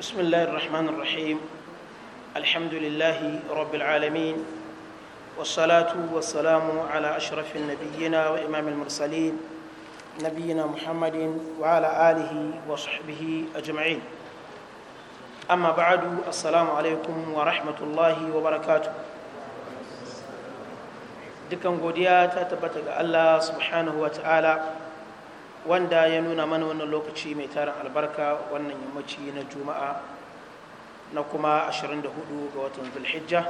بسم الله الرحمن الرحيم الحمد لله رب العالمين والصلاة والسلام على أشرف النبيين وإمام المرسلين نبينا محمد وعلى آله وصحبه أجمعين أما بعد السلام عليكم ورحمة الله وبركاته dukan godiya ta tabbata ga Allah subhanahu wa ta'ala wanda ya nuna mana wannan lokaci mai tarin albarka wannan yammaci na juma'a na kuma 24 ga watan zulhijja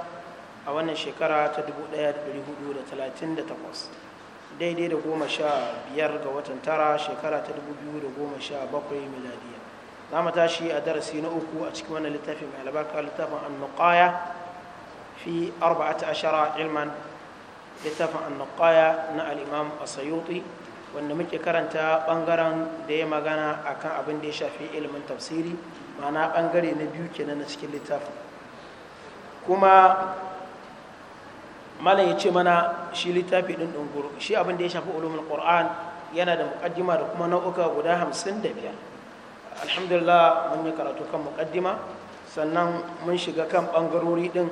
a wannan shekara ta 1438 daidai da goma sha biyar ga watan tara shekara ta 2017 miladiya za mu tashi a darasi na uku a cikin wannan littafi mai albarka littafin annuqaya fi 14 ilman littafin annuqaya na al'imam a sayuti wanda muke karanta bangaren da ya magana akan abin da ya shafi ilimin tafsiri ma'ana bangare na biyu kenan na cikin littafin kuma malam ya ce mana shi littafi din dunguru shi abin da ya shafi ulumul qur'an yana da muqaddima da kuma nau'uka guda 55 alhamdulillah mun yi karatu kan muqaddima sannan mun shiga kan bangarori din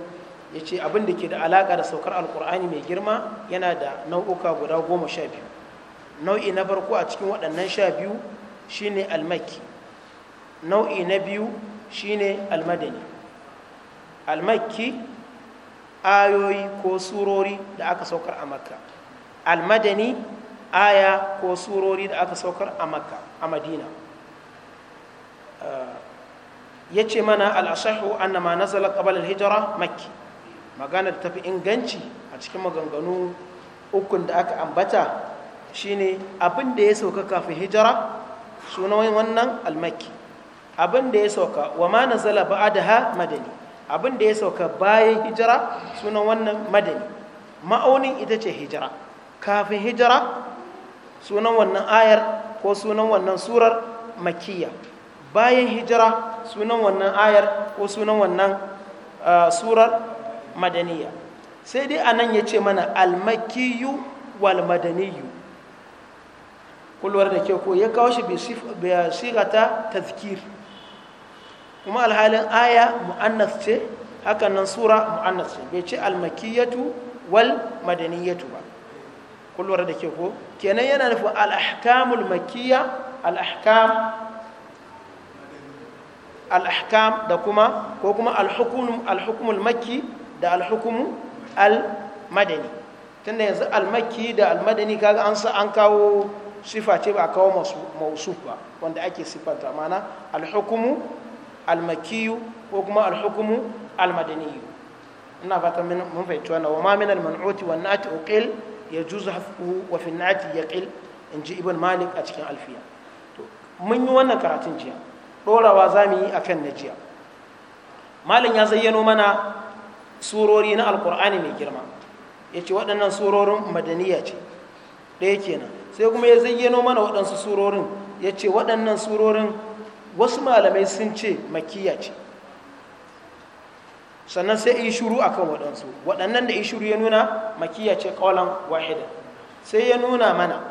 ya ce abin da ke da alaƙa da saukar alƙur'ani mai girma yana da nau'uka guda goma sha biyu. nau'i na farko a cikin waɗannan sha biyu shine almaki nau'i na biyu shine almadani almakki ayoyi ko surori da aka saukar a makka almadani aya ko surori da aka saukar a makka a madina ya ce mana al'ashahu annama nazala zala al-hijra makki magana da tafi inganci a cikin maganganu ukun da aka ambata shine abin da ya sauka kafin hijira sunan wannan almaki abin da ya sauka wa ma na zala da ha madani abin da ya sauka bayan hijira sunan wannan madani ma'aunin ita ce hijira kafin hijira sunan wannan ayar ko sunan wannan surar makiya bayan hijira sunan wannan ayar ko sunan wannan surar madaniya sai dai anan ya ce mana almakiyu wal madaniyu kulwar da ke ko ya kawo shi bai ta tazkir kuma alhalin aya mu'annas ce hakan nan sura mu'annas ce bai ce almakiyatu wal madaniyatu ba kulwar da ke ko kenan yana nufin al'ahkamul makiya al'ahkam al'ahkam da kuma ko kuma al'hukumul maki da al'hukumu al-madani tunda yanzu da almadani kaga an sa an kawo sifa ce ba a kawo mausuf ba wanda ake sifanta mana alhukumu almakiyu ko kuma alhukumu almadaniyu ina fata mun fahimci wannan wa ma min alman'uti wa na'ati uqil yajuzu hafu wa fi ya yaqil in ji ibn malik a cikin alfiya mun yi wannan karatun jiya za zamu yi akan na jiya malam ya zayyano mana surori na alkur'ani mai girma yace waɗannan surorin madaniya ce ɗaya kenan sai kuma ya zayyano mana waɗansu surorin ya ce waɗannan surorin wasu malamai sun ce makiya ce sannan sai yi shuru a kan waɗansu waɗannan da yi shuru ya nuna makiya ce ƙaunar wahida sai ya nuna mana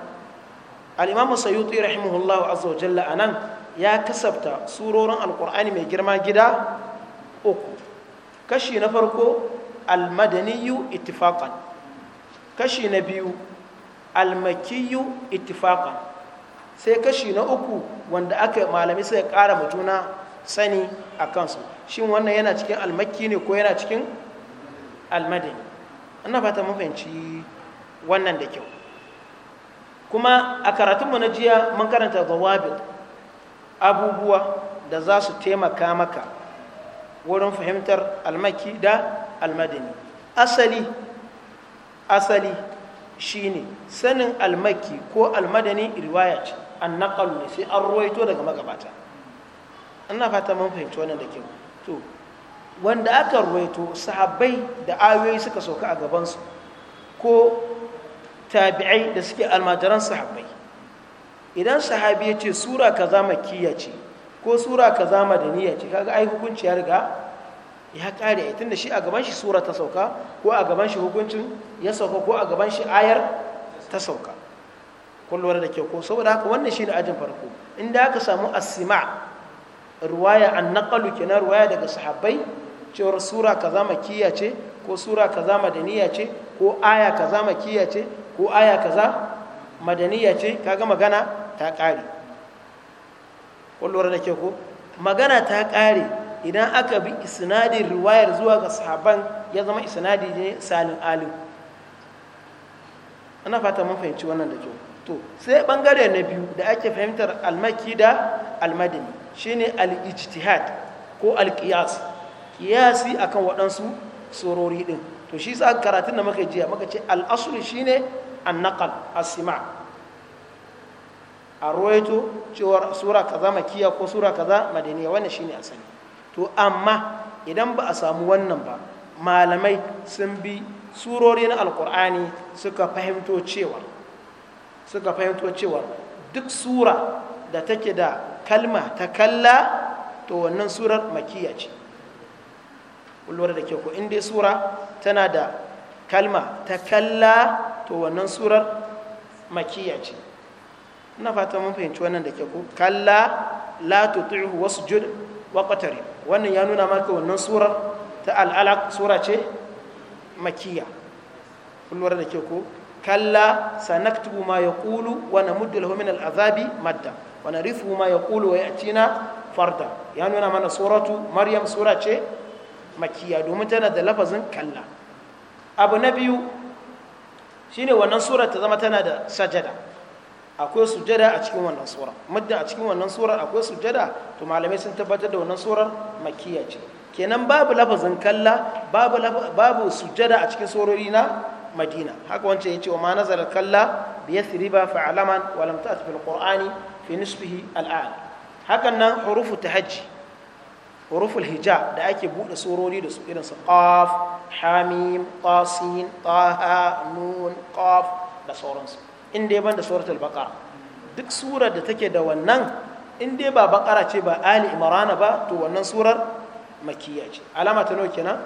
al'imamu sayuti rahimahullahu azza wa jalla a nan ya kasabta surorin alƙur'ani mai girma gida uku kashi na farko almadaniyu ittifaqan kashi na biyu almakiyu ittifaqan sai kashi na uku wanda aka malami sai ƙara mutuna sani a kansu shin wannan yana cikin almakki ne ko yana cikin almadani ana fata mafanci wannan da kyau kuma a karatunmu na jiya mun karanta zawabin abubuwa da za su taimaka maka wurin fahimtar almaki da almadini. asali asali shine sanin almaki ko almadani riwaya ce an naƙalu ne sai an ruwaito daga magabata ana fata mun fahimci wannan da kyau to wanda aka ruwaito sahabbai da ayoyi suka sauka a gabansu ko tabi'ai da suke almajiran sahabbai idan sahabi ya ce sura kaza makkiya ce ko sura kaza madaniya ce kaga ai hukunci ya riga ya kare tun da shi a gaban shi sura ta sauka ko a gaban shi hukuncin ya sauka ko a gaban shi ayar ta sauka kullum da kyau ko saboda haka wannan shi ne ajin farko inda aka samu asima ruwaya an naƙalu kenan ruwaya daga sahabbai cewar sura kaza kiya ce ko sura za madaniya ce ko aya ka kaza kiya ce ko aya ka za madaniya ce kaga magana ta kullum da kyau ko magana ta ƙare idan aka bi isnadin riwayar zuwa ga sahaban ya zama isnadi ne salin alim ana fata mun fahimci wannan da kyau to sai bangare na biyu da ake fahimtar almaki da almadini shine al-ijtihad ko al-qiyas qiyasi akan waɗansu sorori din to shi sa karatun da muka jiya muka ce al-aslu shine an-naqal as-sima a ruwaito cewar sura kaza makiya ko sura kaza madaniya wannan shine asali to amma idan ba a samu wannan ba malamai sun bi surori na alkur'ani suka fahimto cewa suka fahimto cewa duk sura da take da kalma ta kalla to wannan surar makiya ce kullum da ke ko in dai sura tana da kalma ta kalla to wannan surar makiya ce ina fata mun fahimci wannan da ke ko kalla la wasu wasjud wa wannan ya nuna maka wannan surar ta al'alaq sura ce makiya da ke ko kalla sanaktubu ma ya wa namuddu lahu min al'azabi madda wa narithu ma yaqulu wa cina farda ya nuna mana suratu maryam sura ce makiya domin tana da lafazin kalla abu na biyu shine wannan surar ta zama tana da sajada akwai sujada a cikin wannan sura muddin a cikin wannan surar akwai sujada to malamai sun tabbatar da wannan surar makiya ce kenan babu lafazin kalla babu babu sujada a cikin surori na madina haka wancan yace wa ma nazala kalla bi yathriba fa alaman wa lam ta'ti fil qur'ani fi nisbihi hakan nan hurufu tahajji huruful hija da ake bude surori da su irin su qaf hamim qasin taha nun qaf da sauransu in dai ban da suratul baqara duk surar da take da wannan in dai ba baqara ce ba ali imrana ba to wannan surar makiyya ce alama ta nawa kenan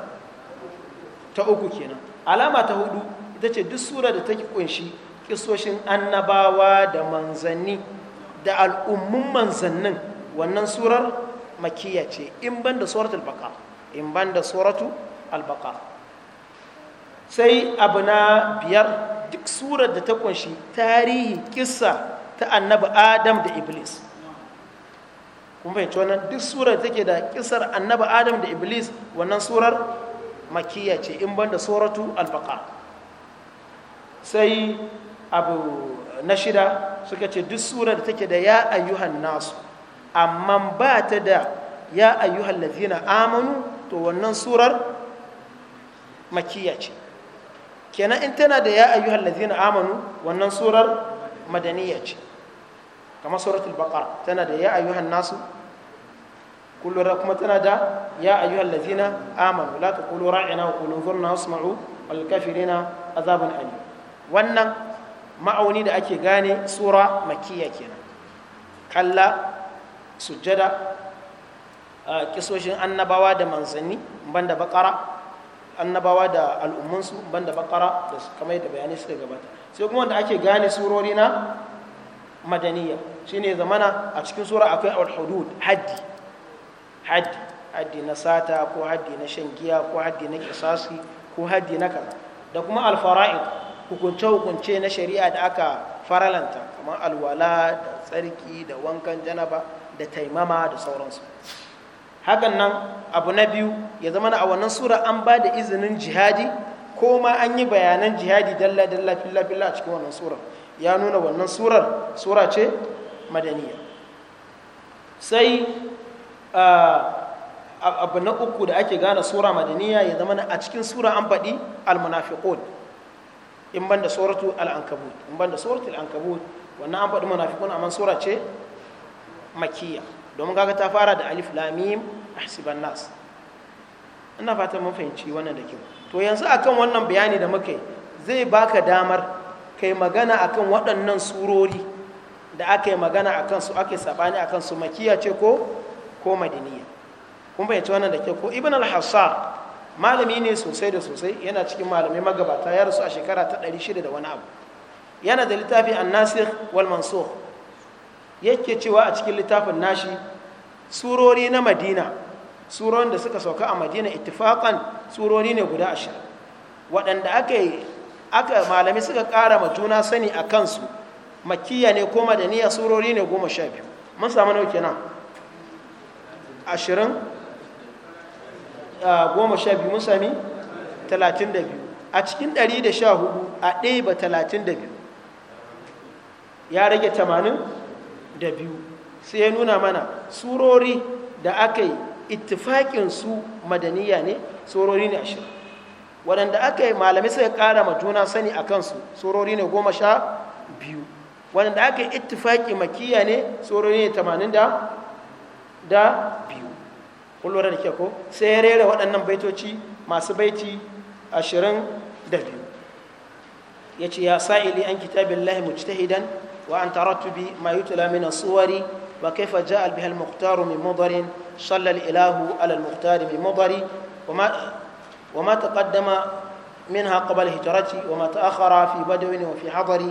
ta uku kenan alama ta hudu ita ce duk surar da take kunshi kisoshin annabawa da manzanni da al'ummun manzannin wannan surar makiyya ce in ban da suratul baqara in ban da suratul al-baqara sai abu na biyar duk surar da ta kunshi tarihi kissa ta annabi adam da iblis kun fahimci wannan duk surar da take da kisar annabi adam da iblis wannan surar makiya ce in ban da suratu albaka sai abu na shida suka ce duk surar da take da ya ayyuhan nasu amma ba ta da ya ayyuhan lazina amanu to wannan surar makiya ce kenan in tana da ya ayyuhal ladzina amanu wannan surar madaniya ce kamar suratul baqara tana da ya ayyuhan nasu kullu kuma tana da ya ayyuhal ladzina amanu la taqulu ra'ina wa qulu zurna wasma'u wal kafirina azabun alim wannan ma'auni da ake gane sura makiyya kenan kalla sujjada kisoshin annabawa da manzanni banda baqara annabawa da al'ummansu da bakara da kama yadda bayanai suka gabata sai kuma wanda ake gane surori na madaniya shine zamana a cikin sura akwai al-hudud haddi haddi haddi na sata ko haddi na shan giya ko haddi na kisasi ko haddi na kaza da kuma al-fara'id hukunce hukunce na shari'a da aka faralanta kamar alwala da tsarki da wankan janaba da taimama da sauransu hakan nan abu na biyu ya zama na a wannan sura an ba da izinin jihadi ko ma an yi bayanan jihadi dalla dalla filla filla a cikin wannan surar ya nuna wannan surar sura ce madaniya sai abu na uku da ake gane sura madaniya ya zama a cikin sura an faɗi almunafiqun in ban da suratu al'ankabut in ban da suratu al'ankabut wannan an faɗi munafiqun amma sura ce makiyya domin kaga ta fara da alif lamim ahsiban nas ina fatan mun fahimci wannan da kyau to yanzu akan wannan bayani da muka zai baka damar kai magana akan waɗannan surori da aka yi magana akan su ake sabani akan su makiya ce ko ko madiniya kun fahimci wannan da kyau ko ibn al-hassar malami ne sosai da sosai yana cikin malamai magabata ya rasu a shekara ta 600 da wani abu yana da littafi an-nasikh wal mansukh yake cewa a cikin littafin nashi surori na madina surorin da suka sauka a madina ittifaqan surori ne guda ashirin waɗanda aka yi aka malami suka ƙara ma juna sani a kansu makiya ne ko madaniya surori ne goma sha biyu mun samu nauke nan ashirin ah, goma sha biyu mun sami talatin da biyu a cikin ɗari da sha hudu a ɗaya ba talatin da biyu ya rage tamanin da biyu sai ya nuna mana surori da aka yi ittifaƙin su madaniya ne surori ne ashirin waɗanda aka yi malamai sai ƙara ma juna sani a kansu surori ne goma sha biyu waɗanda aka yi ittifaƙi makiya ne surori ne tamanin da biyu da ke ko sai ya rera waɗannan baitoci masu baiti ashirin da biyu ya ce ya sa'ili an kitabin lahi hidan وعن ترتب ما يتلى من الصور وكيف جاء بها المختار من مضر صلى الإله على المختار من مضر وما, وما تقدم منها قبل هجرتي وما تأخر في بدو وفي حضر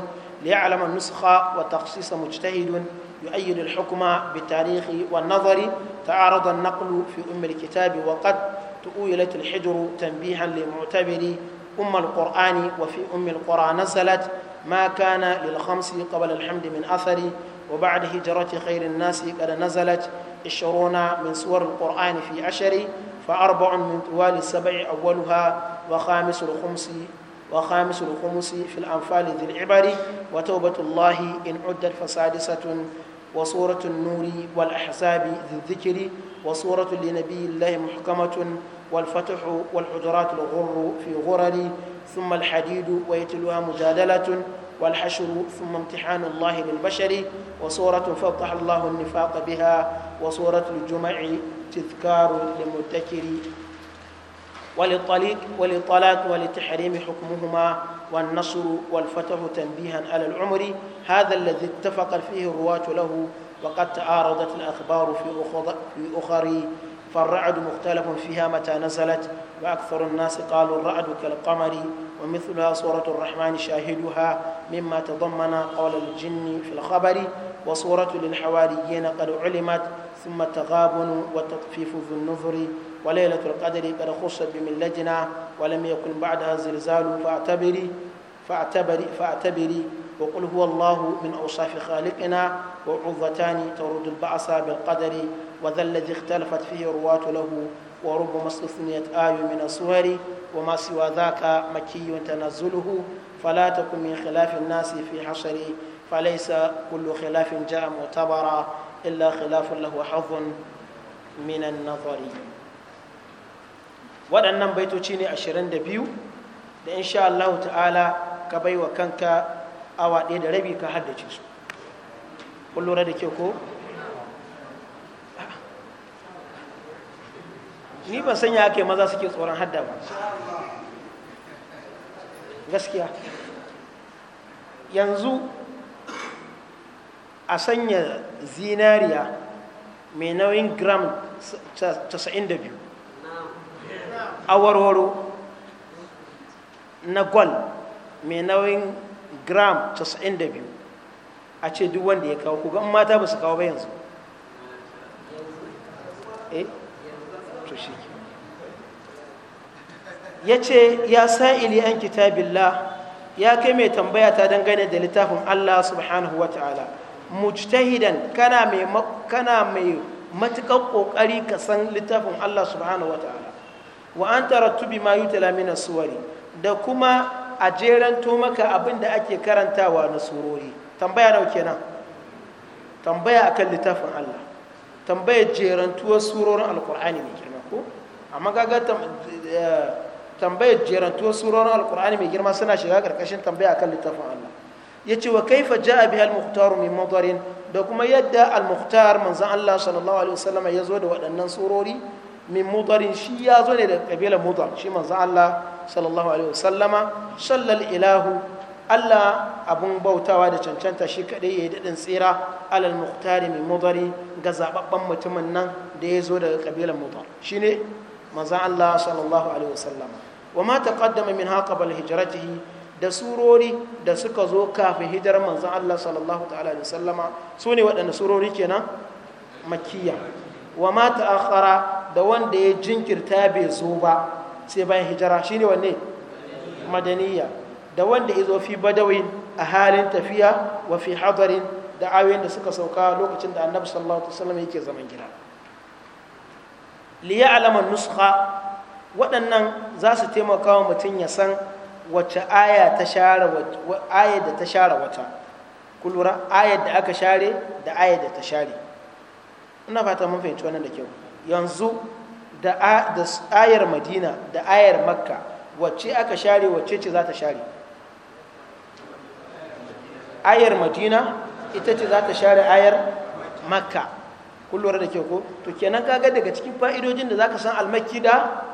ليعلم النسخ والتخصيص مجتهد يؤيد الحكم بالتاريخ والنظر تعارض النقل في أم الكتاب وقد تؤولت الحجر تنبيها لمعتبر أم القرآن وفي أم القرى نزلت ما كان للخمس قبل الحمد من أثر وبعد هجرة خير الناس قد نزلت عشرون من سور القرآن في عشر فأربع من طوال السبع أولها وخامس الخمس وخامس الخمس في الأنفال ذي العبر وتوبة الله إن عدت فسادسة وصورة النور والأحزاب ذي الذكر وصورة لنبي الله محكمة والفتح والحجرات الغر في غرر ثم الحديد ويتلوها مجادلة والحشر ثم امتحان الله للبشر وصورة فضح الله النفاق بها وصورة الجمع تذكار للمتكر وللطليق وللطلاق ولتحريم حكمهما والنصر والفتح تنبيها على العمر هذا الذي اتفق فيه الرواة له وقد تعارضت الأخبار في أخر فالرعد مختلف فيها متى نزلت وأكثر الناس قالوا الرعد كالقمر ومثلها صورة الرحمن شاهدها مما تضمن قول الجن في الخبر وصورة للحواريين قد علمت ثم التغابن والتطفيف ذو النذر وليلة القدر قد خصت بملتنا ولم يكن بعدها زلزال فاعتبري فاعتبري فاعتبري وقل هو الله من أوصاف خالقنا وعظتان ترد البعث بالقدر وذا الذي اختلفت فيه الرواة له وربما استثنيت آي من الصور وما سوى ذاك مكي تنزله فلا تكن من خلاف الناس في حشري فليس كل خلاف جاء معتبرا إلا خلاف له حظ من النظر waɗannan baitoci ne 22 da insha Allah ta'ala ka bai wa kanka awa ɗaya da rabi ka haddace su kun da ke ko ni ban sanya ake maza suke tsoron hadda ba gaskiya yanzu a sanya zinariya mai nauyin gram 92 a warwaro na gwal mai nauyin gram 92 a ce duk wanda ya kawo kugan mata ba su kawo ba yanzu eh to shi ya ce ya sa'ili an kitabillah ya kai mai tambaya ta dangane da littafin Allah subhanahu wa ta'ala mujtahidan kana mai matuƙar ƙoƙari ka san littafin Allah subhanahu wa ta'ala wa an tubi ma yutala min suwari da kuma a jeranto maka abin da ake karantawa na surori tambaya nau kenan tambaya akan littafin Allah tambaya tuwa surorin Alƙur'ani. ne ko amma kaga eh, tambayar jerantuwar surorin alkur'ani mai girma suna shiga karkashin tambaya akan littafin Allah ya ce wa kaifa ja'a bi al-mukhtar min madarin da kuma yadda al-mukhtar manzon Allah sallallahu alaihi wasallam ya zo da waɗannan surori min madarin shi ya zo ne da kabilar mudar shi manzon Allah sallallahu alaihi wasallama sallal ilahu Allah abun bautawa da cancanta shi kadai yi dadin tsira alal mukhtar min mudari ga zababban mutumin nan da ya zo daga kabilan shi ne manzon Allah sallallahu alaihi wasallam wa ma taqaddama min haqabal hijratihi da surori da suka zo kafin hijirar manzon Allah sallallahu alaihi wasallama sune waɗanne surori kenan makkiya wa ma ta'akhara da wanda ya jinkirta bai zo ba sai bayan hijira shine wanne madaniya da wanda ya zo fi badawin a halin tafiya wa fi hadarin da ayoyin da suka sauka lokacin da annabi sallallahu alaihi wasallam yake zaman gida liya alamar nuskha waɗannan za su taimaka wa mutum ya san wacce aya ta share aya da ta share wata kulura ayar da aka share da ayar da ta share ina fata mun fahimci wannan da kyau yanzu da ayar madina da ayar makka wacce aka share wacce ce za ta share ayar madina ita ce za ta share ayar makka kullum da ke ko to kenan kaga daga cikin fa'idojin da zaka san almakki da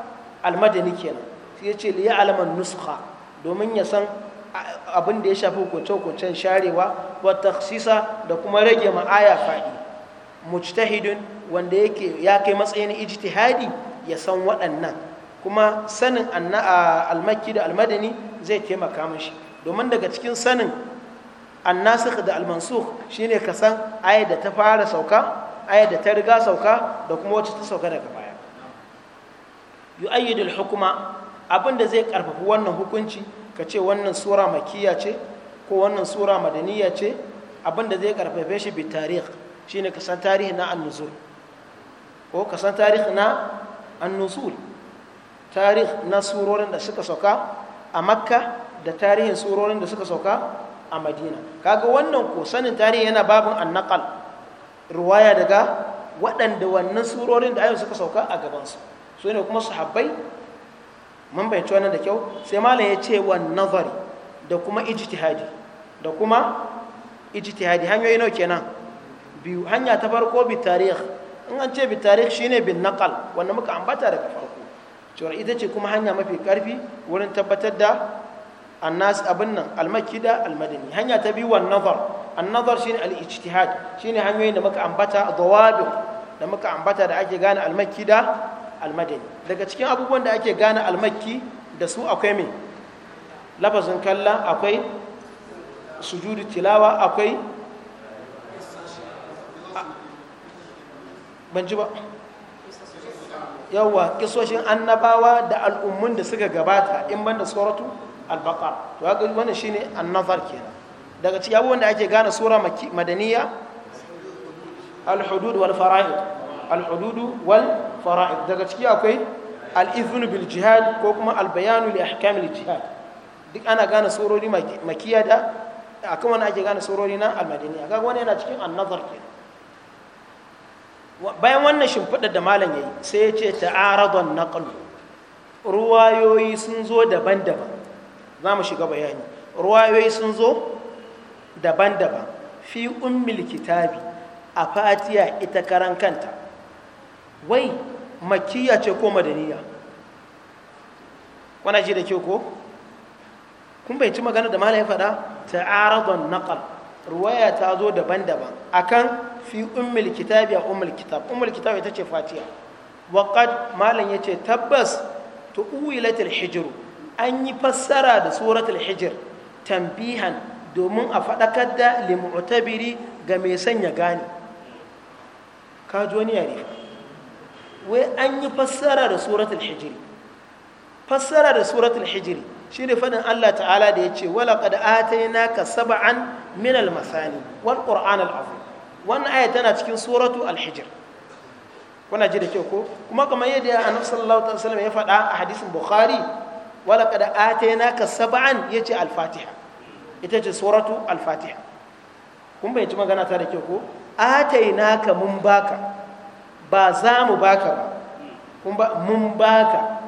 almadani kenan sai ya ce li nuskha domin ya san abin da ya shafi hukunce hukuncen sharewa wa takhsisa da kuma rage ma'aya faɗi mujtahidun wanda yake ya kai matsayin ijtihadi ya san waɗannan kuma sanin almakki da almadani zai taimaka mashi domin daga cikin sanin annasikh da almansukh shine ka san ayat da ta fara sauka ayar da ta riga sauka da kuma wacce ta sauka daga baya yu'ayyidul hukuma abin da zai karfafi wannan hukunci ka ce wannan sura makiya ce ko wannan sura madaniya ce abin da zai karfafe shi bi tarih shine ka san tarihi na annusur ko ka san tarihi na annusur tarih na surorin da suka sauka a makka da tarihin surorin da suka sauka a madina kaga wannan ko sanin tarihi yana babin annakal ruwaya daga waɗanda wannan surorin da ayon suka sauka a gabansu su ne kuma sahabbai mun bayanci wannan da kyau sai malam ya ce wa nazari da kuma ijtihadi da kuma ijtihadi hanyoyi nawa kenan biyu hanya ta farko bi tarih in an ce bi tarikh shine bin naqal wanda muka ambata daga farko cewa ita ce kuma hanya mafi karfi wurin tabbatar da annas abin nan almakki da almadani hanya ta biyu wa nazar annazar shine al-ijtihad shine hanyoyin da muka ambata dawabi da muka ambata da ake gane al-makki da al-madani daga cikin abubuwan da ake gane al-makki da su akwai me lafazin kalla akwai sujudu tilawa akwai ban ba yawwa kisoshin annabawa da al'ummun da suka gabata in banda suratu al-baqara to wannan shine annazar kenan daga ciki abubuwan da ake gane sura madaniya al-hudud wal fara'id al-hudud wal fara'id daga ciki akwai al-izn bil jihad ko kuma albayanu bayan li ahkam jihad duk ana gane surori makiya da akan wani ake gane surori na al-madaniya wani yana cikin an-nazar bayan wannan shimfiɗa da malam yayi sai ya ce ta'aradan naql ruwayoyi sun zo daban-daban za mu shiga bayani ruwayoyi sun zo daban-daban fi ummil kitabi a fatiya ita karan kanta wai makiya ce ko madaniya wana ji da ke ko kun bai ci magana da malaye fada ta'aradun naqal ruwaya ta zo daban-daban akan fi ummil kitabi a ummil kitab ummil kitab ita ce fatiya waqad malam yace tabbas tu'wilatul hijr an yi fassara da suratul hijr tanbihan domin a faɗakar da limu'tabiri ga mai sanya gane ka ji wai an yi fassara da suratul hijiri fassara da suratul hijiri shi ne faɗin Allah ta'ala da ya ce wala qad atayna ka sab'an min al masani wal qur'an al wannan aya tana cikin suratu alhijir kuna ji da kyau ko kuma kamar yadda annabi sallallahu alaihi wasallam ya faɗa a hadisin bukhari wala qad atayna ka sab'an yace al fatiha ita ce suratu al Kuma kun bayyanci magana ta da ke ko ataina ka mun baka ba za mu baka ba mun baka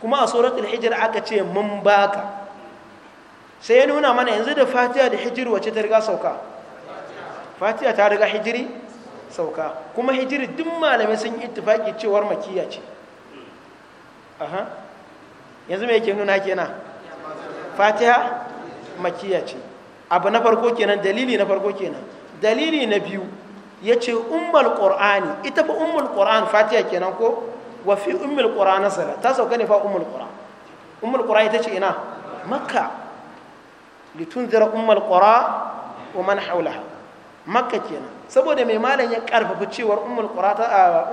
kuma a suratu alhijir aka ce mun baka sai ya nuna mana yanzu da fatiha da hijir wace ta riga sauka fatiha ta riga hijiri sauka kuma hijiri duk malamai sun yi ittifaki cewar makiya ce yanzu me yake nuna kenan fatiha makiya abu na farko kenan dalili na farko kenan dalili na biyu ya ce ummul qur'ani ita fa ummul qur'an fatiha kenan ko wa fi ummul qur'an sala ta sauka ne fa ummul qur'an ummul qur'an ita ce ina makka litunzira ummul qura wa man hawlaha makka kenan saboda mai malam ya karfafa cewar ummul qura ta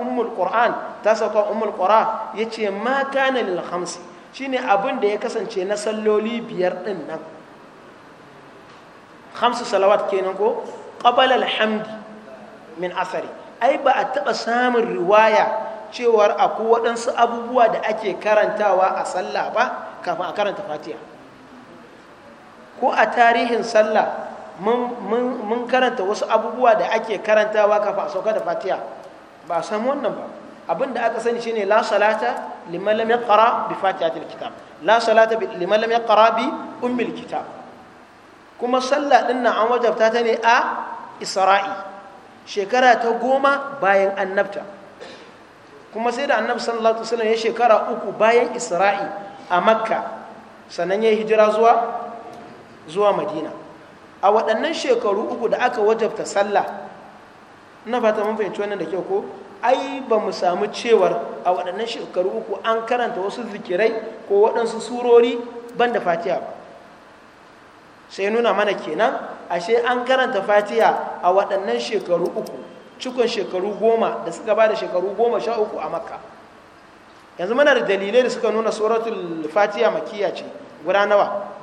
ummul qur'an ta sauka ummul qura yace ma kana lil khamsi shine abin da ya kasance na salloli biyar din nan hamsu salawat kenan ko qabala alhamdi min asari ai ba a taɓa samun riwaya cewar akwai waɗansu abubuwa da ake karantawa a sallah ba kafin a karanta fatiha ko a tarihin sallah mun karanta wasu abubuwa da ake karantawa kafin a sauka da fatiha ba a samu wannan ba abin da aka sani shine la salata liman lam yaqra bi fatihatil kitab la salata liman lam yaqra bi ummil kitab kuma sallah din nan an wajabta ta ne a isra'i shekara ta goma bayan annabta kuma sai da annabi sallallahu alaihi wasallam ya shekara uku bayan isra'i a makka sannan ya hijira zuwa zuwa madina a waɗannan shekaru uku da aka wajabta sallah na fata mun fahimci wannan da kyau ko ai ba mu samu cewar a waɗannan shekaru uku an karanta wasu zikirai ko waɗansu surori ban da fatiha ba sai nuna mana kenan ashe an karanta fatiha a waɗannan shekaru uku cikon shekaru goma da suka ba da shekaru goma sha uku a makka yanzu mana da dalilai da suka nuna suratul fatiha makiya ce guda nawa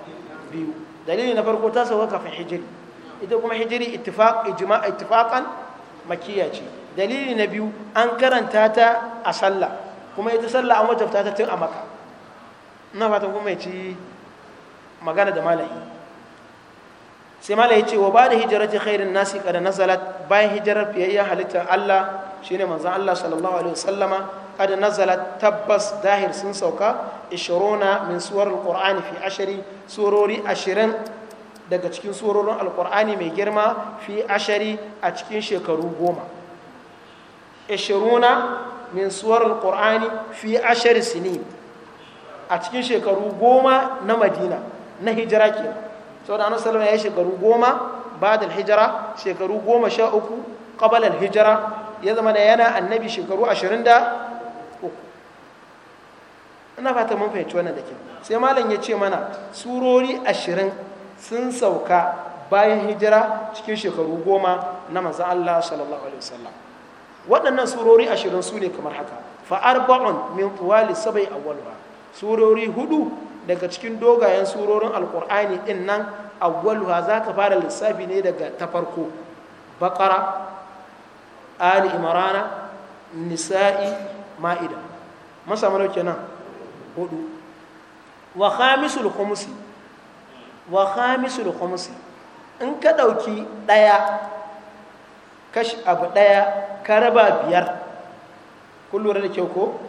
biyu dalili na farko ta sauka kafin hijiri ita kuma hijiri ittifaqan makiya ce dalili na biyu an karanta ta a sallah kuma ita sallah an wajabta ta tun a makka ina fatan kuma ya ci magana da malami sai mala ya ce wa ba da hijirati khairin nasi kada nazalat bayan hijirar fiyayyen halittar Allah shi ne manzon Allah sallallahu alaihi wasallama kada nazalat tabbas dahir sun sauka 20 min suwar alqur'ani fi ashari surori ashirin daga cikin surorin alqur'ani mai girma fi ashari a cikin shekaru goma 20 min suwar alqur'ani fi ashari sinin a cikin shekaru goma na Madina na hijira kenan saboda annabi sallallahu alaihi wasallam ya shekaru goma ba'da al-hijra shekaru goma sha uku qabala al-hijra ya zama da yana annabi shekaru 23 ina fata mun fahimci wannan da kyau sai malam ya ce mana surori 20 sun sauka bayan hijira cikin shekaru goma na manzon Allah sallallahu alaihi wasallam waɗannan surori 20 su ne kamar haka fa arba'un min tuwali sabai awwalha surori hudu daga cikin dogayen surorin alkur'ani din nan awwaluha za ka fara lissafi ne daga ta farko bakara ali imarana nisa'i ma'ida masa mana kenan hudu wa khamisul khumsi wa khamisul khumsi in ka dauki daya kashi abu daya ka raba biyar kun lura da kyau ko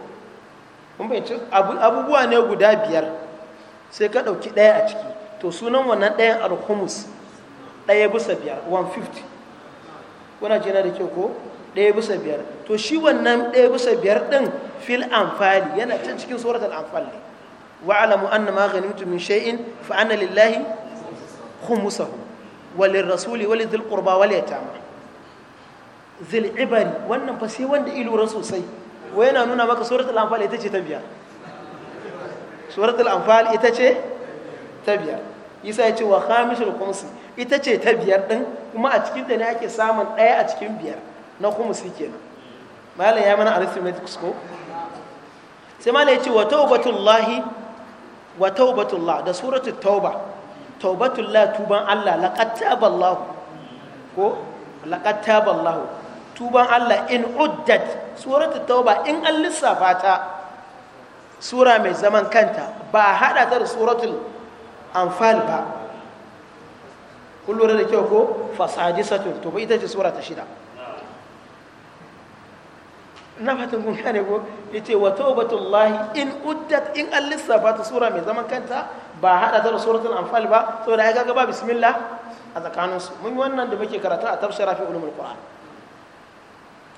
abubuwa ne guda biyar sai ka ɗauki ɗaya a ciki to sunan wannan ɗayan alhumus ɗaya bisa biyar 150 kuna jina da kyau ko ɗaya bisa biyar to shi wannan ɗaya bisa biyar ɗin fil amfali yana can cikin surat al-amfal ne wa alamu anna ma ghanimtu min sha'in fa anna lillahi khumsahu rasuli wali wa lidhil wali ya yatama zil ibari wannan fa sai wanda ilura sosai wa yana nuna maka surat al-anfal ita ce ta biyar suratul anfal ita ce ta biyar isa ya ce wa khamishul khumsi ita ce ta biyar din kuma a cikin ta ne ake samun ɗaya a cikin biyar na khumsi kenan malam ya mana arithmetic ko sai malam ya ce wa taubatullahi wa taubatullah da suratul tauba taubatullah tuban Allah laqad taballahu ko laqad taballahu tuban Allah in uddat suratul tauba in an lissafa ta sura mai zaman kanta ba haɗa ta da suratul anfal ba kullum da kyau ko satun. to ba ita ce sura ta shida na fatan kun gane ko yace wa tawbatullahi in uddat in an lissafa ta sura mai zaman kanta ba hada ta da suratul anfal ba da ai kaga ba bismillah a tsakaninsu. mun yi wannan da muke karatu a tafsira fi ulumul qur'an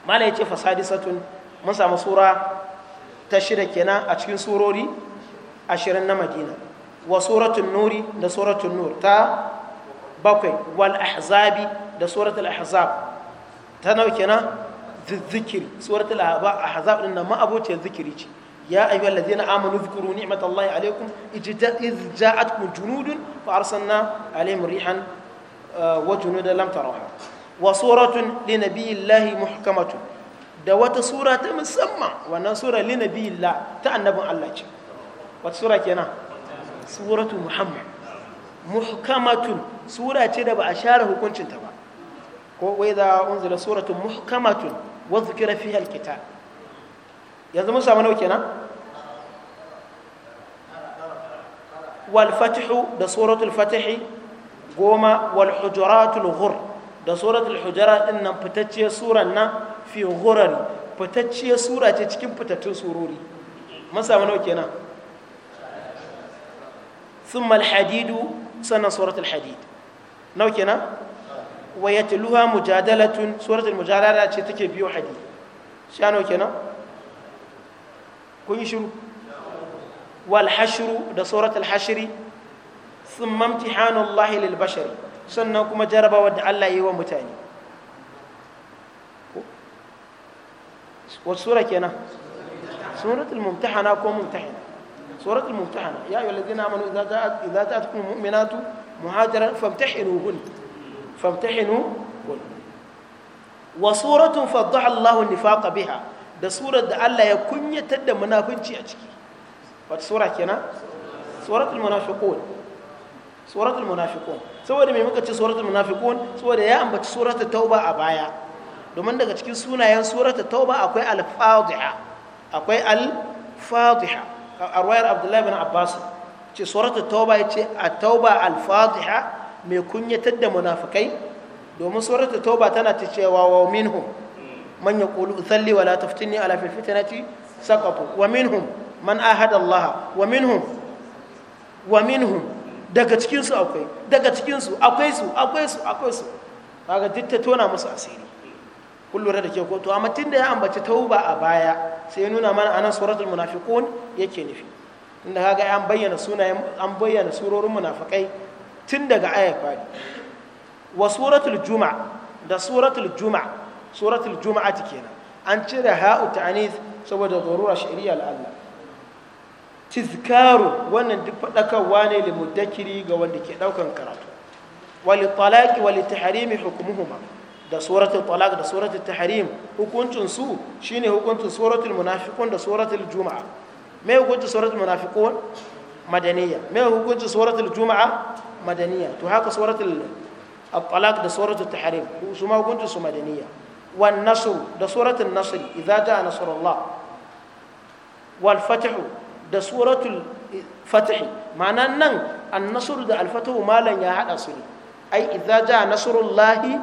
mala yace satun mun samu sura ta shida kenan a cikin surori ashirin na madina wa suratun nuri da suratun nur ta bakwai wal ahzabi da suratul ahzab ta nau kenan zikiri suratul ahzab din nan ma'abociyar zikiri ce ya ayyuhal ladzina amanu dhkuru ni'matallahi alaykum iz ja'atkum junudun fa arsalna alayhim rihan eh, wa junudan lam tarawha wa suratun li nabiyillahi muhkamatun da wata sura ta musamman wannan sura li nabiyillah ta annabin Allah ce wata sura kenan suratu muhammad muhkamatun sura ce da ba a share ta ba ko wai za unzila suratun muhkamatun wa zikira fiha alkitab yanzu mun samu nawa kenan wal fathu da suratul fatihi goma wal hujuratul ghur da suratul hujurat din nan fitacce suran nan fi ghuran fitacciyar sura ce cikin fitattun surori mun samu nawa kenan sun al-hadidu sannan suratul hadid nawa kenan wa yatluha mujadalatun suratul mujadala ce take biyo hadid shi nawa kenan kun yi shiru wal hashru da suratul hashri thumma imtihanullahi lil bashari sannan kuma jarabawa da Allah wa mutane wasu sura kenan suratul mumtahana ko mumtahina suratul mumtahana ya ayyuhal ladina amanu idza ja'at idza ja'atkum mu'minatu muhajiran famtahinuhun famtahinuhun wa suratun faddaha Allahu nifaqa biha da surar da Allah ya kunyatar da munafunci a ciki wata sura kenan suratul munafiqun suratul munafiqun saboda me muka ce suratul munafiqun saboda ya ambaci suratul tauba a baya domin daga cikin sunayen surata tauba akwai al-fadhiha akwai al-fadhiha a ruwayar abdullahi bin abbas ce surata tauba ya ce a tauba al-fadhiha mai kunyatar da munafikai domin surata tauba tana ta cewa wa minhum man kulu, usalli wa la taftinni ala fil fitnati saqatu wa minhum man ahada Allah wa minhum wa minhum daga cikin su akwai daga cikin su akwai su akwai su akwai su kaga duk ta tona musu asiri kun lura da ke ko to amma tunda ya ambaci tauba a baya sai ya nuna mana anan suratul munafiqun yake nufi inda kaga an bayyana sunayen an bayyana surorin munafikai tun daga ayat fadi wa suratul juma'a da suratul juma'a suratul juma'ati kenan an cire ha'u ta'anis saboda zarura shari'a Allah tizkaru wannan duk fadakarwa ne limuddakiri ga wanda ke daukan karatu wal talaqi wal tahrimi hukumuhuma da suratul talaq da suratul tahrim hukuncin su shine hukuncin suratul munafiqun da suratul juma'a me hukuncin suratul munafiqun madaniya me hukuncin suratul juma'a madaniya to haka suratul الطلاق ده سورة التحريم وسما كنت سمدنية والنصر ده سورة النصر إذا جاء نصر الله والفتح ده سورة الفتح معنى an النصر da الفتح ما لن يحد أصلي أي إذا جاء نصر الله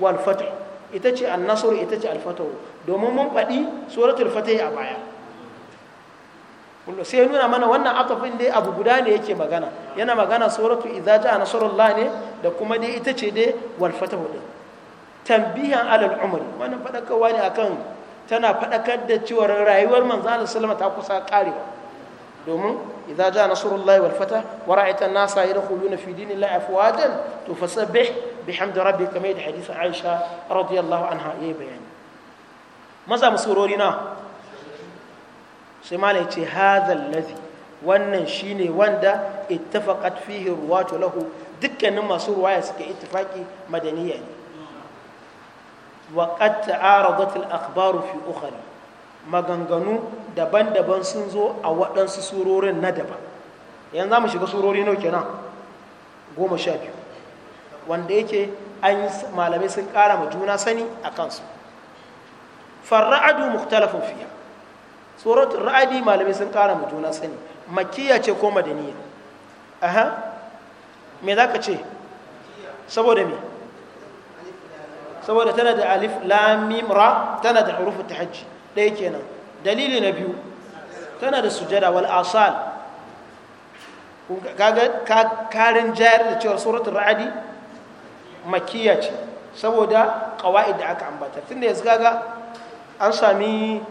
wal fatih ita ce annasur ita ce alfatahu domin mun faɗi suratul fatih a baya sai nuna mana wannan atafin dai abu guda ne yake magana yana magana suratu idza jaa nasrullah ne da kuma dai ita ce dai wal fatahu din tanbihan alal umr wannan fadakarwa ne akan tana fadakar da cewa rayuwar manzo alaihi wasallam ta kusa karewa domin إذا جاء نصر الله والفتح ورأيت الناس يدخلون في دين الله أفواجا فسبح بحمد ربك كما يدي حديث عائشة رضي الله عنها يا بيان ماذا مسرورنا سمعنا هذا الذي wannan shine wanda ittafaqat fihi ruwatu lahu dukkanin masu ruwaya suke ittifaki madaniya ne wa qad ta'aradat al-akhbaru fi ukhra maganganu daban-daban sun zo a waɗansu surorin na daban yanzu za mu shiga surori nau kenan goma sha biyu wanda yake an malamai sun ƙara ma juna sani a kansu farra'adu mukhtalafin fiya tsoron ra'adi malamai sun ƙara ma juna sani makiya ce ko madaniya aha me za ka ce saboda me saboda tana da alif lamim ra tana da hurufu ta hajji ɗaya kenan dalili na biyu tana da sujada wal asal kaga karin jayar da cewar suratul ra'adi makkiya ce saboda qawaid da aka ambata tunda yanzu kaga an sami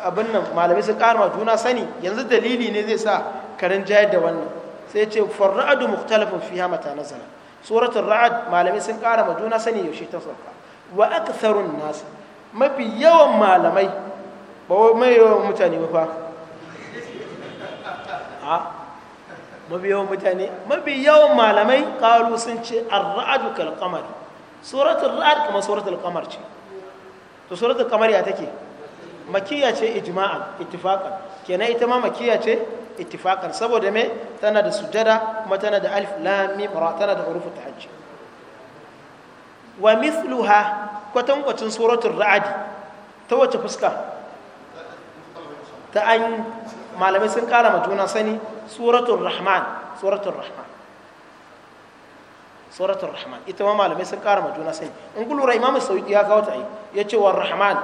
abin nan malamai sun ma juna sani yanzu dalili ne zai sa karin jayar da wannan sai ce farra'adu fi fiha mata nazala suratul ra'ad malamai sun ma juna sani yaushe ta sauka wa aktharun nas mafi yawan malamai ba wai mai yawan mutane ba fa a mafi yawan mutane mafi yawan malamai kalu sun ce ar-ra'adu kal qamari suratul ra'ad kuma suratul qamar ce to suratul kamar ya take makiya ce ijma'an ittifaqan kenan ita ma makiya ce ittifaqan saboda me tana da sujada kuma tana da alif lam mim ra tana da hurufu ta'ajjud wa mithluha kwatankwacin suratul ra'adi ta wace fuska ta an malamai sun kara ma sani suratul rahman suratul rahman suratul rahman ita ma malamai sun kara ma sani in ku lura imamu sauki ya kawo ta yi ya ce wa rahman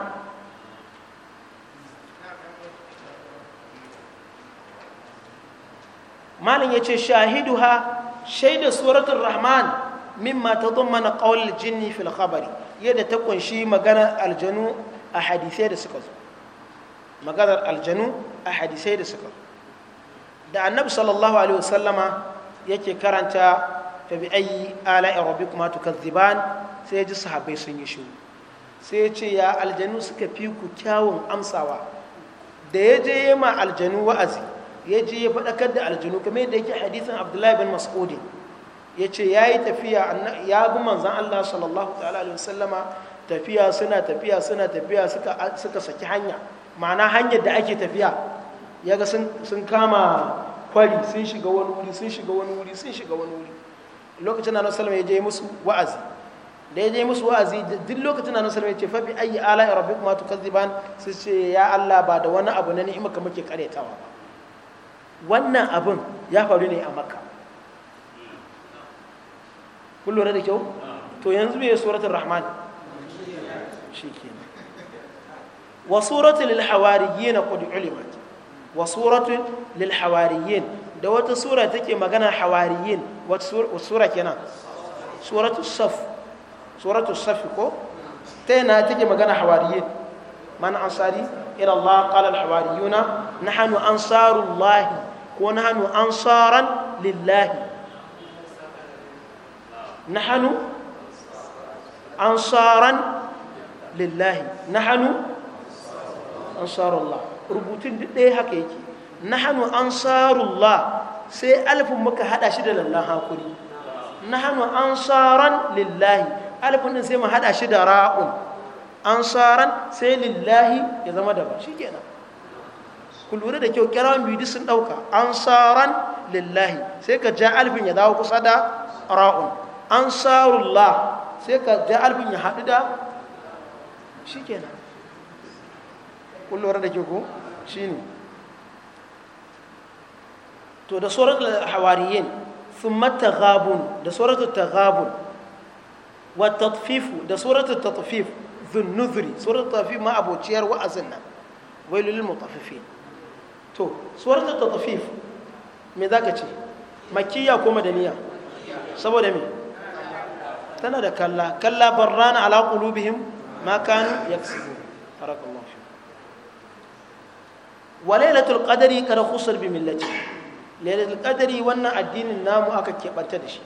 malin ya ce ha shaida suratul rahman mimma ta zummana ƙaunar jini fil khabari yadda ta kunshi magana aljanu a hadisai da suka zo maganar aljanu a hadisai da suka da annabi sallallahu alaihi wasallama yake karanta fa bi ayi ala kuma tukadziban sai ya ji sahabbai sun yi shiru sai ce ya aljanu suka fi ku kyawun amsawa da ya je ma aljanu wa'azi ya je ya faɗakar da aljanu kamar yadda yake hadisin abdullahi bin mas'udi ya ce ya yi tafiya ya bi manzan allah sallallahu alaihi wasallama tafiya suna tafiya suna tafiya suka saki hanya ma'ana hanyar da ake tafiya ya ga sun kama kwari sun shiga wani wuri sun shiga wani wuri sun shiga wani wuri lokacin na nasarar ya je musu wa'azi da ya je musu wa'azi duk lokacin na nasarar ya ce fafi ayi ala ya rabbi kuma ziban su ce ya allah ba da wani abu na ni'ima ka muke karetawa ba wannan abin ya faru ne a makka kun lura da kyau to yanzu ya suratul rahman shikenan wa suratu lil hawariyin qad ulimat wa suratu lil da wata sura take magana hawariyin wata sura kenan suratu saf suratu safi ko ta yana take magana hawariyin man ansari ila Allah qala al hawariyuna nahnu ansarullahi ko na hannu an ansaran lillahi na hannu nahnu ansaran lillahi na nahanu ansarullah rubutun duk ɗaya haka yake na nahanu ansarullah sai alifin muka hada shi da lallan hakuri nahanu ansaran lillahi alifin ɗin sai mu hada shi da ra'un ansaran sai lillahi ya zama daban shikenan ku lura da kyau kiran biyu sun dauka ansaran lillahi sai ka ja alifin ya dawo kusa da ra'un ansarullah sai ka ja alifin ya hadu da shi kenan kullum da ke ku shi ne to da tsoron hawariyin thumma taghabun da ta taghabun wa tatfifu da tsoron tatfif zunnuzuri tsoron tafifu ma abociyar wa'azin nan wailulil mutafifi to ta tafifu me za ka ce makiya ko madaniya saboda me tana da kalla kalla barrana ala qulubihim ma kanu yaksubu barakallahu fi wa lailatul qadari kada kusur bi millati lailatul qadari wannan addinin namu aka kebanta da shi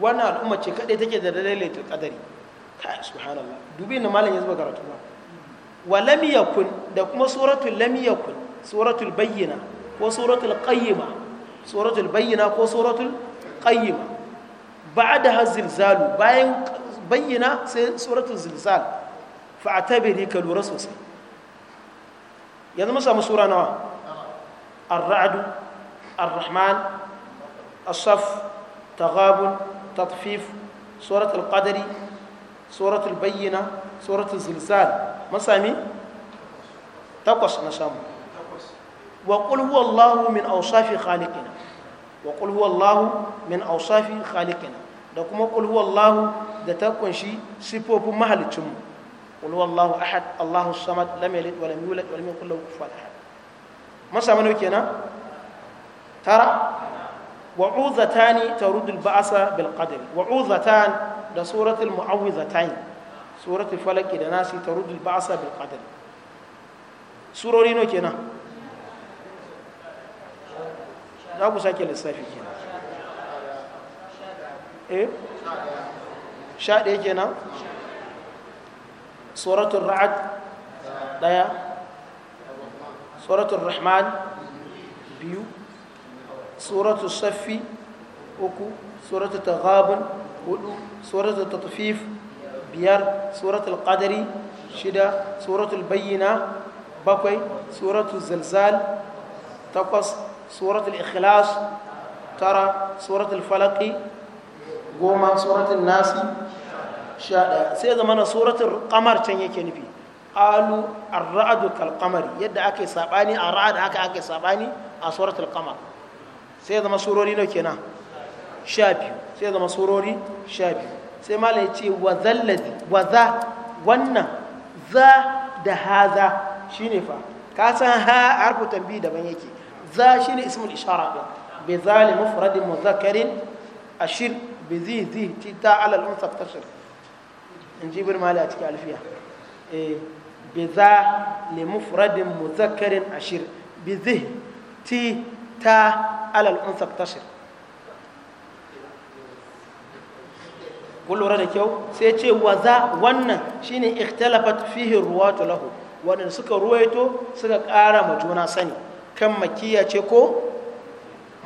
wannan al'umma ce kadai take da lailatul qadari kai subhanallah dubi na malam yanzu ba karatu ba wa lam yakun da kuma suratul lam yakun suratul bayyina ko suratul qayyima suratul bayyina ko suratul qayyima ba'da hazilzalu bayan bayyina sai suratul zilzal فاعتبري فاعتبره كالورسوس يعني مثلا سورة نوع الرعد الرحمن الصف تغاب تطفيف سورة القدري سورة البينة سورة الزلزال ما سامي تقص نسام وقل هو الله من أوصاف خالقنا وقل هو الله من أوصاف خالقنا دكما قل هو الله دتكون شي سيبو qul huwallahu ahad allahu samad lam yalid da suratul mu'awwizatayn suratul falaq da nasi taruddu ɗaya kenan سورة الرعد دايا سورة الرحمن بيو سورة الصفي أكو سورة التغابن أدو سورة التطفيف بيار سورة القدري شدا سورة البينة بقي سورة الزلزال تقص سورة الإخلاص ترى سورة الفلق قوما سورة الناسي sha sai zama na suratul qamar can yake nufi alu ar-ra'du kal qamari yadda ake sabani a ra'ad haka ake sabani a suratul qamar sai zama surori nawa kenan sha biyu sai zama surori sha biyu sai malam ya ce wa zallati wa za wannan za da haza shine fa ka san ha harfu tambayi daban yake za shine ismul ishara din bi zalim mufradin mudhakkarin ashir bi zi zi ta ala al-unsa tashir in ji bin mali a cikin alfiya eh, bi za li mufradin muzakkarin ashir bi zih ti ta alal unsa tashir kun da kyau sai ce wa za wannan shine ikhtalafat fihi ruwatu lahu wannan suka ruwaito suka ƙara ma juna sani kan makiya ce ko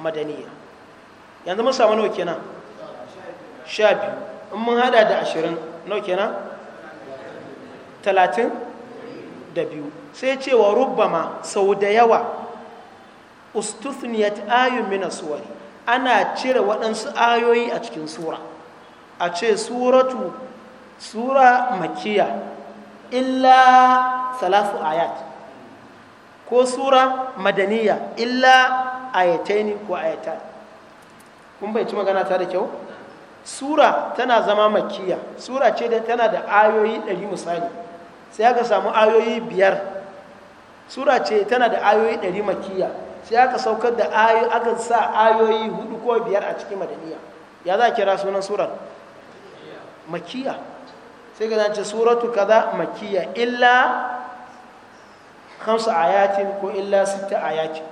madaniya yanzu mun samu nawa kenan sha biyu in mun hada da ashirin no kenan talatin da biyu sai cewa rubama sau da yawa ustuthniyat ayun mina suwari ana cire waɗansu ayoyi a cikin sura a ce suratu sura makiya illa salasu ayat ko sura madaniya illa ayataini ko ayatai kun bai ci magana ta da kyau sura tana zama makiya sura ce da tana da ayoyi ɗari misali sai aka samu ayoyi biyar sura ce tana da ayoyi ɗari makiya sai aka saukar da ayoyi aka sa ayoyi hudu ko biyar a cikin madaniya ya za a kira sunan surar makiya sai ka zance suratu kaza makiya illa hamsu ayatin ko illa sita ayatin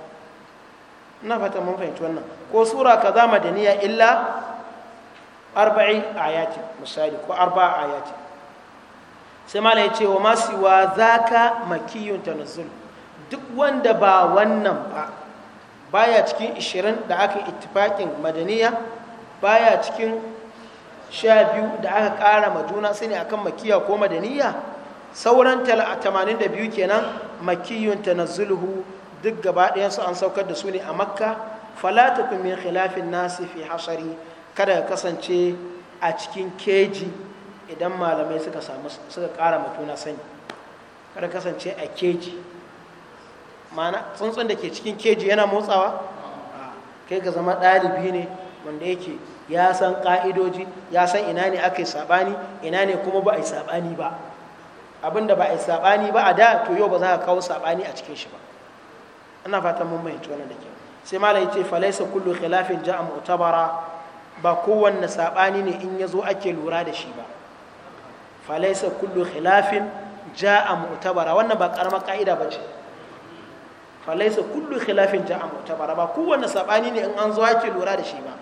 na fata mun fahimci wannan ko sura kaza madaniya illa arba'i ayatin misali ko arba'a ayatin sai mala ya ce wa masu wa zaka makiyun tanazzul duk wanda ba wannan ba baya cikin 20 da aka ittifakin madaniya baya cikin 12 da aka kara ma juna sani akan makiya ko madaniya sauran 82 kenan makiyun tanazzuluhu duk gaba ɗayansu an saukar da su ne a makka fala min khilafin nasi fi hasari kada ka kasance a cikin keji idan malamai suka samu suka kara matuna sani kada kasance a keji mana tsuntsun da ke cikin keji yana motsawa kai ka zama ɗalibi ne wanda yake ya san ƙa'idoji ya san ina ne aka yi saɓani ina ne kuma ba a yi saɓani ba abinda ba a yi saɓani ba a da to yau ba za ka kawo saɓani a cikin shi ba ana fatan mun mai tona da ke sai malai ce falaisa kullu khilafin ja'a mu'tabara ba kowanne saɓani ne in ya zo ake lura da shi ba falaisa kullu khilafin a mu'tabara wannan ba ƙaramar ƙa'ida ba ce falaisa kullu khilafin a mu'tabara ba kowanne saɓani ne in an zo ake lura da shi ba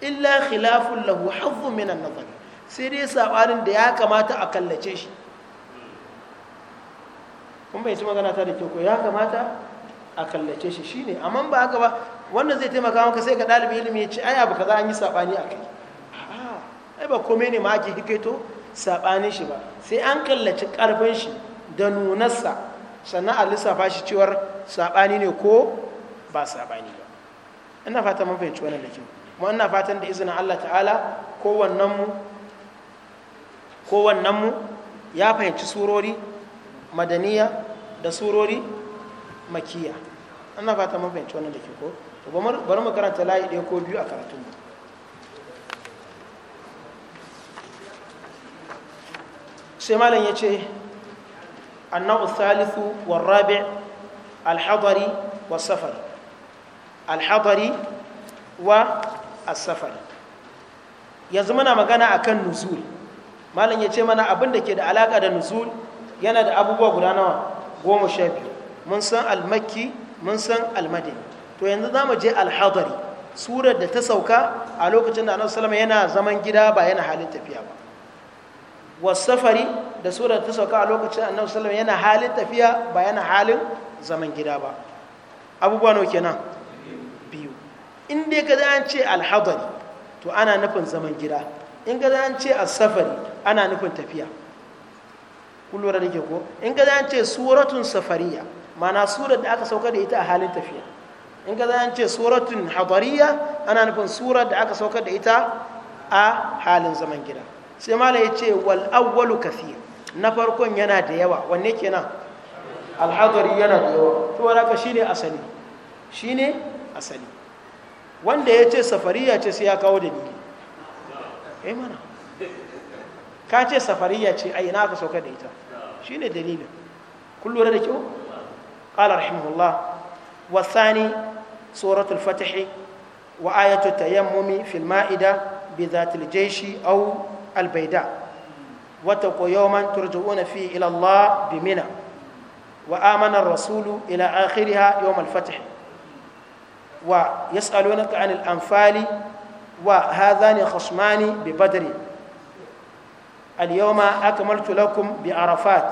illa khilafun lahu hazzun min an-nazari sai dai saɓanin da ya kamata a kallace shi kun bai ci magana ta da ke ko ya kamata a kallace shi shine amma ba haka ba wannan zai taimaka maka sai ga ɗalibin ilimi ya ce ai abu kaza an yi saɓani a kai ai ba komai ne ma ake hikaito saɓanin shi ba sai an kallaci ƙarfin shi da nunarsa sannan a lissafa shi cewar saɓani ne ko ba saɓani ba ina fata mun fahimci wannan da kyau kuma ina fatan da izinin Allah ta'ala kowannen mu ya fahimci surori madaniya da surori makiya ina fata mun fahimci wannan da kyau ko bari mu karanta layi ɗaya ko biyu a karatun mu sai malam ya ce annabu thalithu wa rabi alhadari wa safar alhadari wa safar yanzu muna magana akan nuzul malam ya ce mana abin da ke da alaka da nuzul yana da abubuwa guda nawa goma sha biyu mun san almakki mun san almadini to yanzu za mu je alhadari surar da ta sauka a lokacin da annabi sallama yana zaman gida ba yana halin tafiya ba safari da surar da ta sauka a lokacin annabi sallama yana halin tafiya ba yana halin zaman gida ba abubuwa nawa kenan biyu in dai ka an ce alhadari to ana nufin zaman gida in ka an ce safari, ana nufin tafiya kun da ke ko in ka an ce suratun safariya mana surar da aka sauka da ita a halin tafiya in ga zai ce suratun hadariya ana nufin surar da aka saukar da ita a halin zaman gida sai mala ya ce wal awwalu kathir na farkon yana da yawa wanne kenan alhadari yana da yawa to wala ka shine asali shine asali wanda ya ce safariya ce sai ya kawo dalili eh mana ka ce safariya ce ai na ka saukar da ita shine dalilin kullum da kyau qala rahimahullah wasani سورة الفتح وآية التيمم في المائدة بذات الجيش أو البيداء واتقوا يوما ترجعون فيه إلى الله بمنى وآمن الرسول إلى آخرها يوم الفتح ويسألونك عن الأنفال وهذان خصمان ببدر اليوم أكملت لكم بعرفات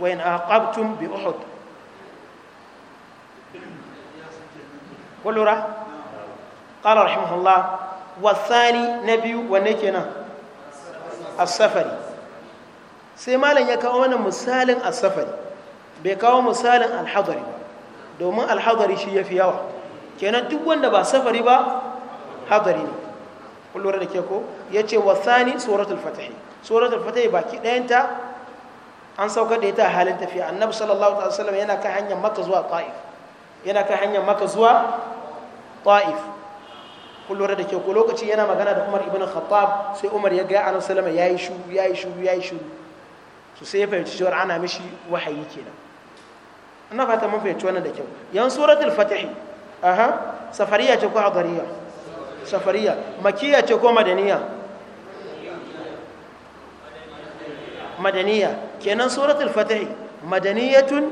وإن أعقبتم بأحد kun lura qala rahimahullah wa thani na biyu wanne kenan a safari sai malam ya kawo mana misalin a safari bai kawo misalin al-hadari ba domin al-hadari shi fi yawa kenan duk wanda ba safari ba hadari ne kun lura da ke ko yace wa thani suratul fatih suratul fatih baki ɗayanta an saukar da ita a halin tafiya annabi sallallahu alaihi wasallam yana kan hanyar makka zuwa ta'if yana kan hanyar maka zuwa ta'if kun da ke ko lokaci yana magana da umar ibn khattab sai umar ya gaya ga salama ya yi shuru yayi shuru yayi shuru so sai ya fahimci cewa ana mishi wahayi kenan ina fata mun fahimci wannan da kyau yan suratul fatih aha safariya ce ko hadariya safariya makiya ce ko madaniya madaniya kenan suratul fatih madaniyatun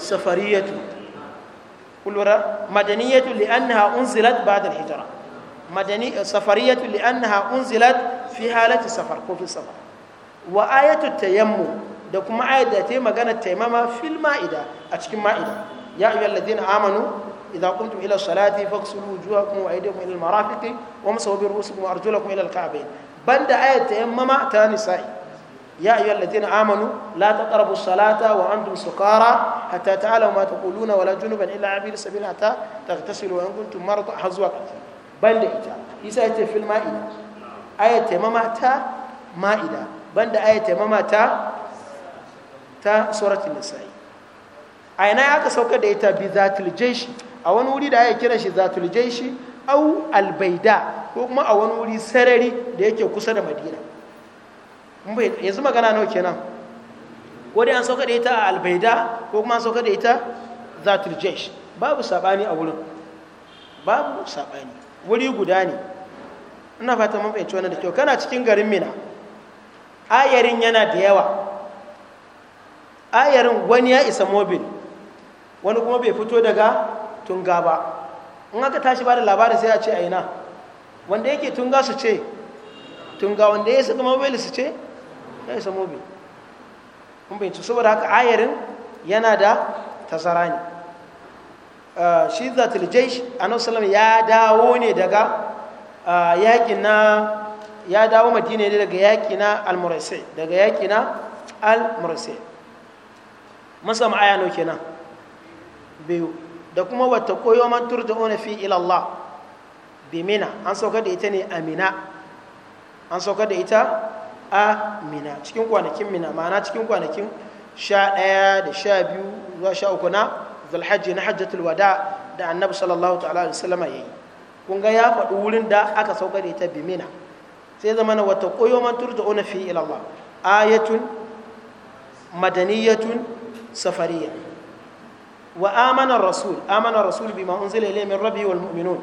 safariyatun kulura madaniyatu li annaha unzilat ba'da al-hijra madani eh, safariyatu li annaha unzilat fi halati safar ko fi safar wa da kuma ayat da ta yi magana taimama fil ma'ida a cikin ma'ida ya ayyuhalladhina amanu إذا قمتم إلى الصلاة فاغسلوا وجوهكم وأيديكم إلى المرافق وامسحوا برؤوسكم وأرجلكم إلى الكعبين بند آية تيمم تاني يا أيها الذين آمنوا لا تقربوا الصلاة وأنتم سكارى hatta ta'lamu ma taquluna wala junuban illa abir sabil hatta taghtasilu wa in kuntum marad har zuwa ƙarshe banda ita isa yace fil ma'ida ayat taimama ta ma'ida banda ayat taimama ta ta suratul nisa'i a ina aka saukar da ita bi zatul jaishi a wani wuri da ake kira shi zatul jaishi au albaida ko kuma a wani wuri sarari da yake kusa da madina yanzu magana nawa kenan ko dai an sauka da ita a albaida ko kuma an sauka da ita zatul jesh babu sabani a wurin babu sabani wuri guda ne ina fata mun fahimci wani da kyau kana cikin garin mina ayarin yana da yawa ayarin wani ya isa mobil wani kuma bai fito daga tunga ba in aka tashi ba da labarin sai a ce a ina wanda yake tunga su ce tunga wanda ya isa mobil su ce ya isa mobil mun bayyance saboda haka ayarin yana da tasara ne ah, shi zatul jaish annabi sallam ya dawo ne daga ah, yaƙi na ya dawo madina ne daga yaƙi na al-murasai daga yaƙi na al mun samu aya nau kenan biyu da kuma wata koyo man da ona fi ilallah bimina an saukar da ita ne amina an saukar da ita a mina cikin kwanakin mina ma'ana cikin kwanakin sha ɗaya da sha biyu zuwa sha uku na zalhajji na hajjatul wada da annabi sallallahu ta'ala da sallama ya yi kun ga ya faɗi wurin da aka sauka da ita bi mina sai zama na wata koyo man turta ona fi ilallah ayatun madaniyatun safariya wa amana rasul amana rasul bima unzila ilayhi min rabbi wal mu'minun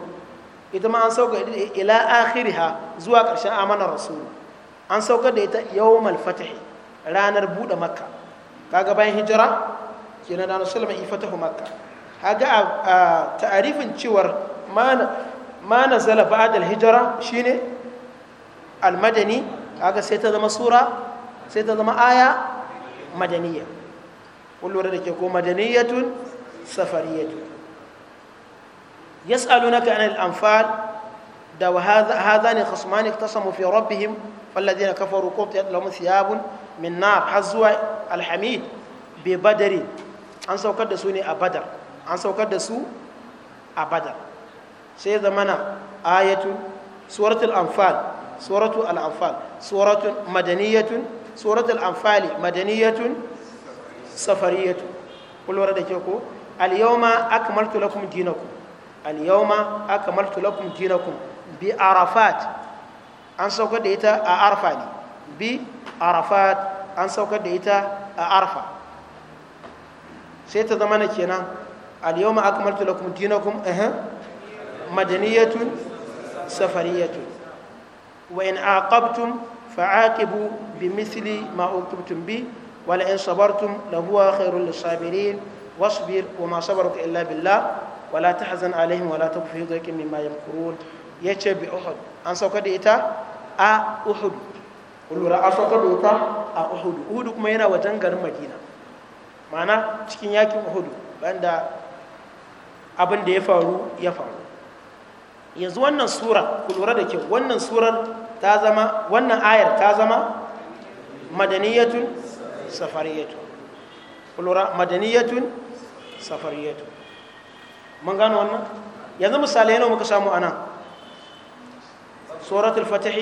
ita ma an sauka ila akhiriha zuwa ƙarshen amana rasul an saukar da ita yawmal fatahi ranar buɗe makka kaga bayan hijira kenan da sallama ifatahu makka haga a ta'arifin cewar ma nazala ba'dal hijira shine almadani kaga sai ta zama sura sai ta zama aya madaniya kullum da ke ko madaniyatun safariyatun yas'alunaka anil anfal da wa hadha ne khasmani iktasamu fi rabbihim والذين كفروا قطعت لهم ثياب من نار حزوا الحميد ببدر an saukar da su ne a badar an saukar da su a badar sai zamana ayatu suratul anfal suratul al-anfal suratul madaniyatun anfali madaniyatun safariyatun kullum da ke ko al-yawma akmaltu lakum dinakum al-yawma akmaltu lakum dinakum bi arafat an saukar da ita a arfa ne bi arafat an saukar da ita a arfa sai ta zama na kenan al-yawma akmaltu lakum dinakum eh madaniyatun safariyatun wa in aqabtum fa'aqibu bimithli ma uqibtum bi wala in sabartum lahuwa khairul lisabirin wasbir wa ma sabaruka illa billah wala tahzan alaihim wala taku fi dhaikin mimma yamkurun yace bi uhud an sauka da ita a Uhudu, kullura an sauka da ita a Uhudu, Uhudu kuma yana wajen garin madina mana cikin yakin Uhudu, banda abin da ya faru ya faru yanzu wannan sura kullura da kyau wannan surar ta zama wannan ayar ta zama madaniyatun safariyatun kullura madaniyatun safariyatun mun gano wannan yanzu misali yana muka samu anan سورة الفتح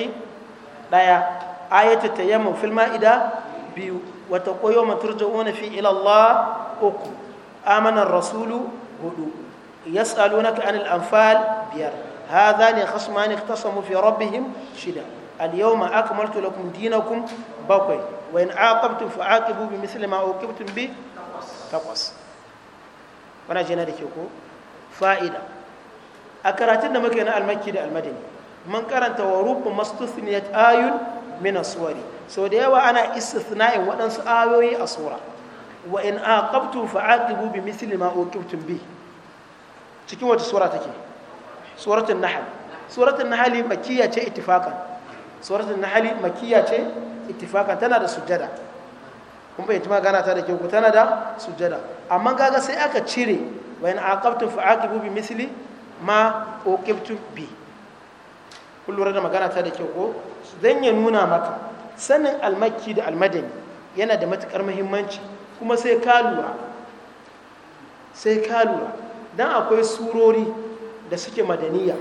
لايا آية التيمم في المائدة بيو وتقول يوم ترجعون في إلى الله أقو آمن الرسول هدو يسألونك عن الأنفال بير هذان لخصمان اختصموا في ربهم شدة اليوم أكملت لكم دينكم بقي وإن عاقبتم فعاقبوا بمثل ما أوقبتم به تقص فأنا جينا لكيكو فائدة أكراتنا مكينا المكي المدني mun karanta wa rubu mastuthniyat ayun min aswari so da yawa ana istithna'in waɗansu ayoyi a sura wa in aqabtum fa'aqibu bi misli ma uqibtum bi cikin wata sura take suratul nahl suratul nahl makkiya ce ittifaqan suratul nahl makkiya ce ittifaqan tana da sujjada kun fahimci gana ta da ke ku tana da sujjada amma kaga sai aka cire wa in aqabtum fa'aqibu bi misli ma uqibtum bi kullum da magana ta da kyau ko zan ya nuna maka sanin almakki da almadani yana da matukar muhimmanci kuma sai ka lura sai ka lura don akwai surori da suke madaniya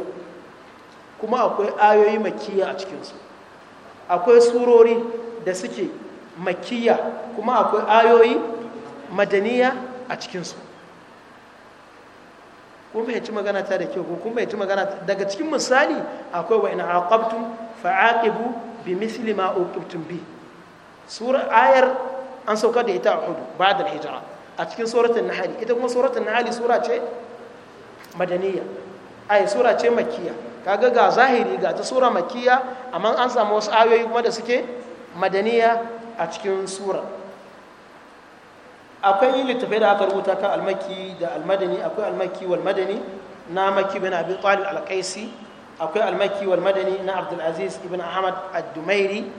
kuma akwai ayoyi makiya a cikinsu akwai surori da suke makiya kuma akwai ayoyi madaniya a cikinsu ko bai ci magana ta da kyau ko kuma bai ci magana daga cikin misali akwai wa ina aqabtum aqibu bi misli ma uqibtum bi sura ayar an sauka da ita a hudu ba'da al-hijra a cikin suratul nahl ita kuma suratul nahl sura ce madaniya ay sura ce makkiya kaga ga zahiri ga ta sura makkiya amma an samu wasu ayoyi kuma da suke madaniya a cikin sura akwai littafai da aka rubuta kan almaki da almadani akwai almaki wal madani na maki bin abi talib akwai almaki wal madani na abdul aziz ibn ahmad ad-dumairi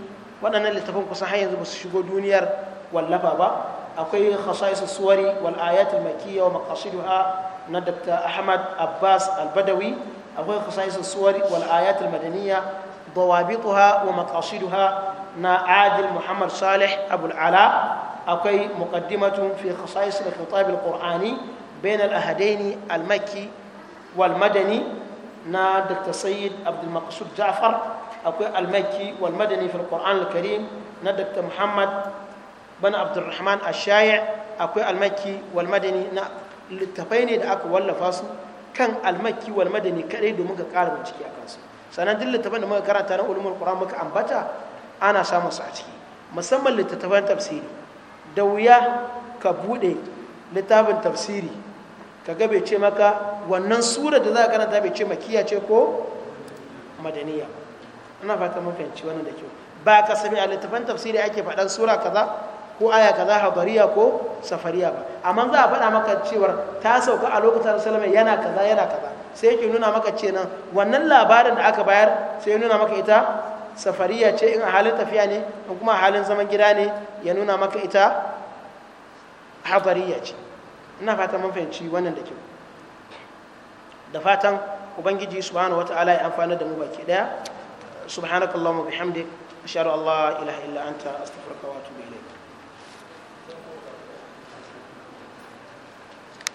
waɗannan littafan kusan har yanzu ba su shigo duniyar wallafa ba akwai khasais suwari wal ayat al makiyya wa maqasiduha na dr ahmad abbas al-badawi akwai khasais suwari wal ayat al madaniyya dawabituha wa maqasiduha na adil muhammad salih abul ala akwai muqaddimatun fi khasa'is al-khitab al-qur'ani bain al-ahadain al-makki wal madani na Dr. Sayyid Abdul Maqsud Ja'far akwai al-makki wal madani fi al-qur'an al-karim na Dr. Muhammad bin Abdul Rahman Ash-Shayi' akwai al-makki wal madani na littafai ne da aka wallafa su kan al-makki wal madani kadai domin ka ƙara bincike a kansu sannan duk littafan da muka karanta na ulumul qur'an muka ambata ana samun su a ciki musamman littattafan tafsiri da wuya ka buɗe littafin tafsiri ka ga bai ce maka wannan sura da za a karanta bai ce makiya ce ko madaniya ina fata mun fahimci wannan da kyau ba ka sami a littafin tafsiri ake faɗan sura kaza ko aya kaza habariya ko safariya ba amma za a faɗa maka cewar ta sauka a lokacin salama yana kaza yana kaza sai yake nuna maka ce nan wannan labarin da aka bayar sai ya nuna maka ita safariya ce in a halin tafiya ne in kuma a halin zaman gida ne ya nuna maka ita hadariya ce ina fatan mun fahimci wannan da kyau da fatan ubangiji subhanahu wata'ala ya amfana da mu baki daya subhanakallahumma bihamdik ashhadu an ilaha illa anta astaghfiruka wa atubu